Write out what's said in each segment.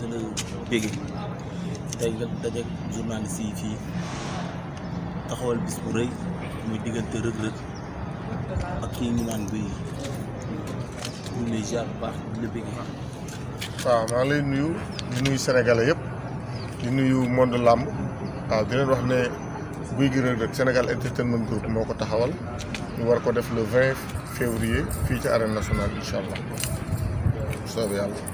di la bégg tey nga dajeeg taxawal bis bu rëy muy diggante Reug Reug ak kii ñu naan Gouye Gui la waaw maa ngi nuyu di nuyu sénégalais yëpp di nuyu monde làmb waaw di leen wax ne Gouye Gui Reug Reug Sénégal Entertainment Group moo ko taxawal ñu war ko def le 20 février fii ci arène nationale incha allah soob yàlla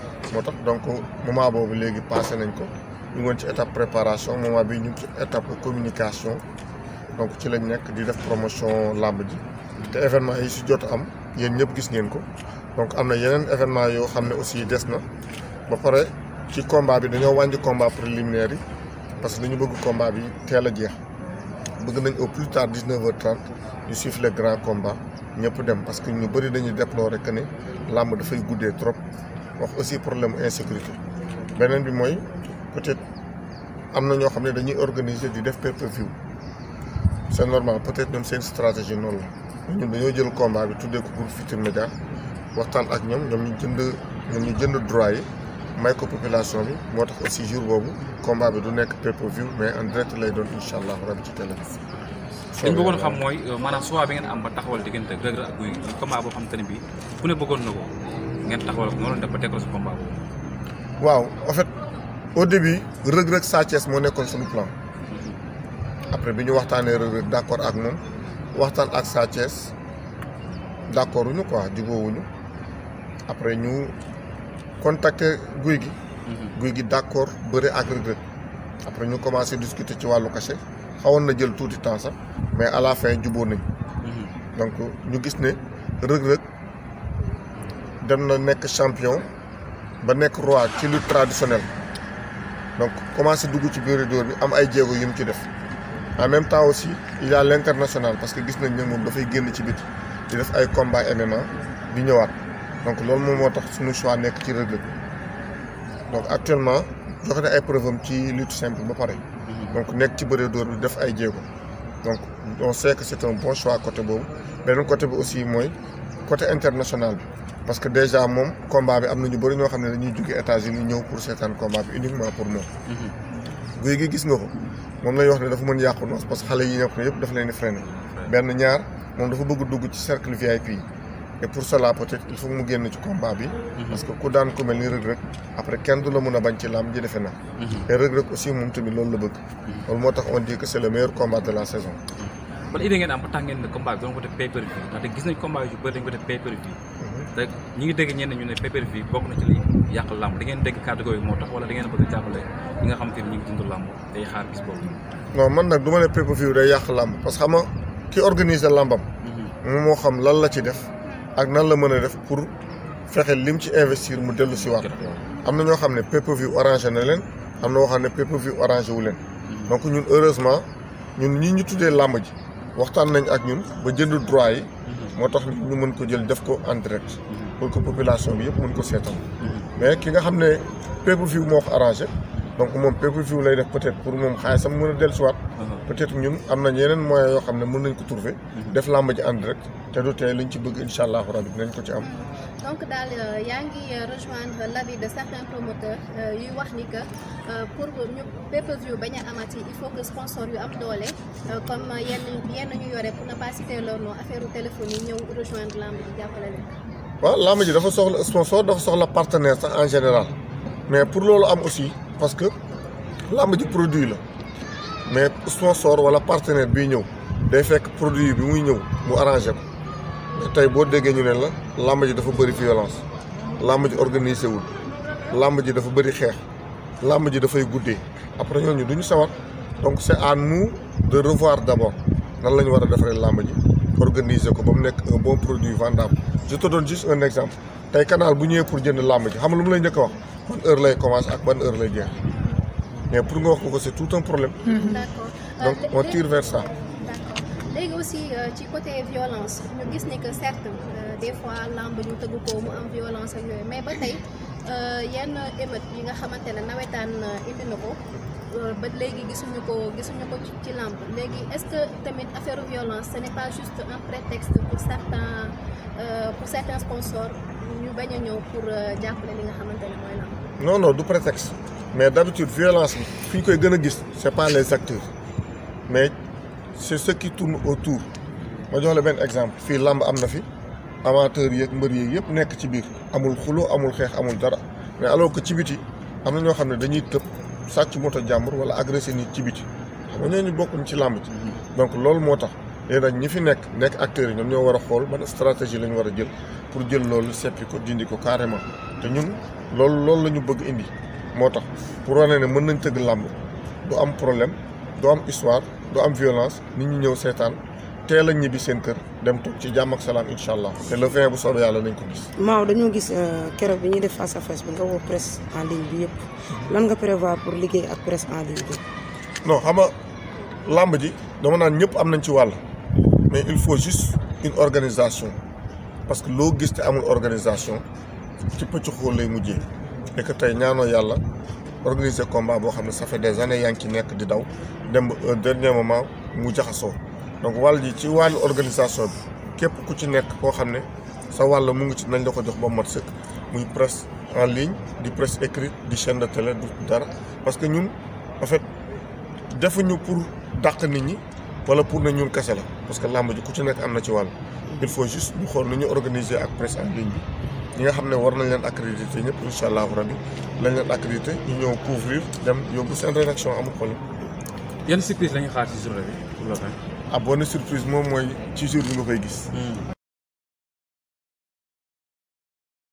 moo tax donc moment bobu légui passé nañ ko ñu ngi ci étape préparation moment bi ñu ci étape communication donc ci lañ nek di def promotion làmb ji té événement yi ci jot am yéen ñëpp gis ngeen ko donc amna yenen événement yo xamné aussi des na ba paré ci combat bi dañoo wàññi combat préliminaire parce que dañu bëgg combat bi téla a jeex bëgg nañ au plus tard 19h30 ñu siffler grand combat ñëpp dem parce que ñu bëri dañuy déplorer que ne làmb dafay guddee trop wax aussi problème insécurité beneen bi mooy peut-être am na ñoo xam ne dañuy organiser di def pay-per-view c'est normal peut-être ñoom seen stratégie noonu la ñun dañoo jël combat bi tuddee ko pour Futurs Médias waxtaan ak ñoom ñoom ñu jënd ñoom ñu jënd droit yi may ko population bi moo tax aussi jour boobu combat bi du nekk pay-per-view mais en direct lay doon incha allah rabi ci télé liñ bëggoon xam mooy euh, maanaam soit bi ngeen am ba taxawal diggante Reug Reug ak Gouye Gui combat ngeen taxawal ko noonu def ba teg combat boobu. en fait au début Reug Reug Sa Thiès moo nekkoon suñu plan après bi ñu waxtaanee Reug Reug d' accord ak moom waxtaan ak Sa Thiès d' wuñu quoi jubóowuñu après ñu contacter guy mhm. gi. d'accord gi d' accord ak Reug après ñu commencé discuter ci walu cachet xawon na jël touti temps sax mais à la fin jubóo nañ. Mhm. donc ñu gis né Reug Reug dem champion ba roi ci lutte traditionnel. donc commencé dugg ci biir dóor bi am ay jéego Yim ci def en même temps aussi il y a l'international parce que disney nañ doit faire dafay génn ci biti di def ay combat MMA di ñëwaat donc l'homme moom moo tax suñu choix nekk ci règle. donc actuellement je na ay preuve am ci lutte simple ba pare donc nek ci bëre d'or bi def ay jéego donc on sait que c'est un bon choix côté mais beneen côté aussi mooy côté international parce que déjà moom combat bi am na ñu bëri ñoo xam ne dañuy jóge États-Unis ñëw pour seetaan combat bi uniquement moom. Mhm. guy gi gis nga ko moom lay wax ne dafa mën yàqu noos parce que xale yi nekk na yëpp dafa leen di freiné. benn ñaar moom dafa bëgg dugg ci cercle VIP yi. et pour cela peut-être ci combat bi. Mhm. kenn du a bañ mhm. tamit loolu la bëgg. loolu moo tax on dit que c'est le meilleur la saison. ban idée ngeen bi dañ ko def pay per te ñu ngi dégg ñenn ñu ne pay-per-view bokk na ci li yàq làmb moo tax a jàppale nga xam te ni ñu ngi dund làmb day xaar bis boobu. man nag du ma ne pay-per-view day yàq làmb parce que xam nga ki organiser làmbam. Mhm. moo xam lan la ci def ak nan la mën a def pour fexe lim ci investir mu dellu si waat. am na ñoo xam ne pay-per-view na leen am na ñoo xam ne pay-per-view wu leen. Mhm. donc ñun heureusement ñun ñi ñu tuddee làmb ji waxtaan nañ ak ñun ba jënd droit yi. Mhm. moo tax ñu mën ko jël def ko en direct pour que population bi yëpp mën ko seetal mais ki nga xam ne peuple per moo ko arrangé donc moom pay view lay def peut pour moom xaalisam mën a dellusiwaat. Uh-huh. peut-être ñun am na yeneen moyens yoo xam ne mun nañ ko trouver. Uh-huh. def làmb ji en direct te du tee liñ ci bëgg incha allahu rabi dinañ ko ci am. donc daal euh, yaa ngi euh, rejoindre l'avis de certains promoteurs euh, yuy wax ni pour ñu pay view bañ a amati il faut que sponsor yu am doole comme yenn yenn ñu yore pour ne pas citer leur nom téléphone yi ñëw rejoindre làmb ji dafa soxla sponsor dafa soxla partenaire sax en général mais pour loolu am aussi. parce que l'âme ji produit mais mais sponsor wala partenaire bi ñëw day fekk produit bi muy ñëw mu arrangé ko mais tey boo déggee ñu de la làmb ji dafa bëri violence l'âme ji organisé wul làmb ji dafa bëri de làmb ji après nous nous ñu donc c'est à nous de revoir d'abord nan la faire war a organiser ko un bon produit vendable je te donne juste un exemple tey canal bu ñëwee pour jënd l'âme. ji xam nga lu mu lay ban heure lay commence à ban heure lay jeex mais pour nous, ko c'est tout un problème. Mm-hmm. d'accord donc euh, on tire vers ça. d'accord léegi aussi euh, ci côté violence nous gis ni que certes euh, des fois l'homme ñu tëgg ko mu am violence ak yooyu mais ba tey yenn émeute yi nga xamante ne nawetaan indi na ko. ba léegi gisuñu ci lamb léegi est-ce que tamit affaire violence ce n'est pas juste un prétexte pour certains Euh, pour euh, du prétexte mais d'habitude violence bi fi ñu koy gën a gis c'est pas les acteurs mais c'est ce qui tourne autour ma jox benn exemple fii lamb am na fi amateurs yeeg mbër yeeg yëpp nekk ci biir amul xulo amul xeex amul dara mais alors que ci biti am na ñoo xam ne dañuy tëb sàcc moto jàmbur wala agressé nit ci biti xam nga ñooñu bokkuñ ci lamb ci mm-hmm. donc loolu moo tax. léegi nag ñi fi nekk nekk acteurs yi ñoom ñoo war a xool ban stratégie la ñu war a jël pour jël loolu seppi ko dindi ko carrément te ñun loolu loolu la ñu bëgg indi moo tax pour wane ne mën nañ tëgg làmb du am problème du am histoire du am violence nit ñi ñëw seetaan teel a ñibbi seen kër dem toog ci jàmm ak salaam incha allah te le vin bu soobee yàlla nañ ko gis. Maaw dañoo gis euh, keroog bi ñuy def face à face bi nga woo presse en ligne bi yëpp lan nga prévoir pour liggéey ak presse en ligne bi. non xam nga làmb ji dama naan ñëpp am nañ ci wàll. mais il faut juste une organisation parce que l'Auguste organisation qui peut xool et que organiser combat ça fait des années nekk dernier moment mu donc voilà, ci organisation qui presse en ligne une presse écrite des chaîne de télé parce que nous, en fait defuñu pour nous nit pour nous parce que làmb ku ci nekk am na ci wàll. il faut juste ñu xool nu ñu organiser ak presse en ligne bi ñi nga xam ne war nañ leen accrédité ñëpp incha allahu rabi lañ leen accrédité ñu ñëw couvrir dem yóbbu seen rédaction amul problème. yenn surprise la ñu xaar ci journée bi pour ah, surprise moom mooy ci jour bi nga koy gis. Hmm.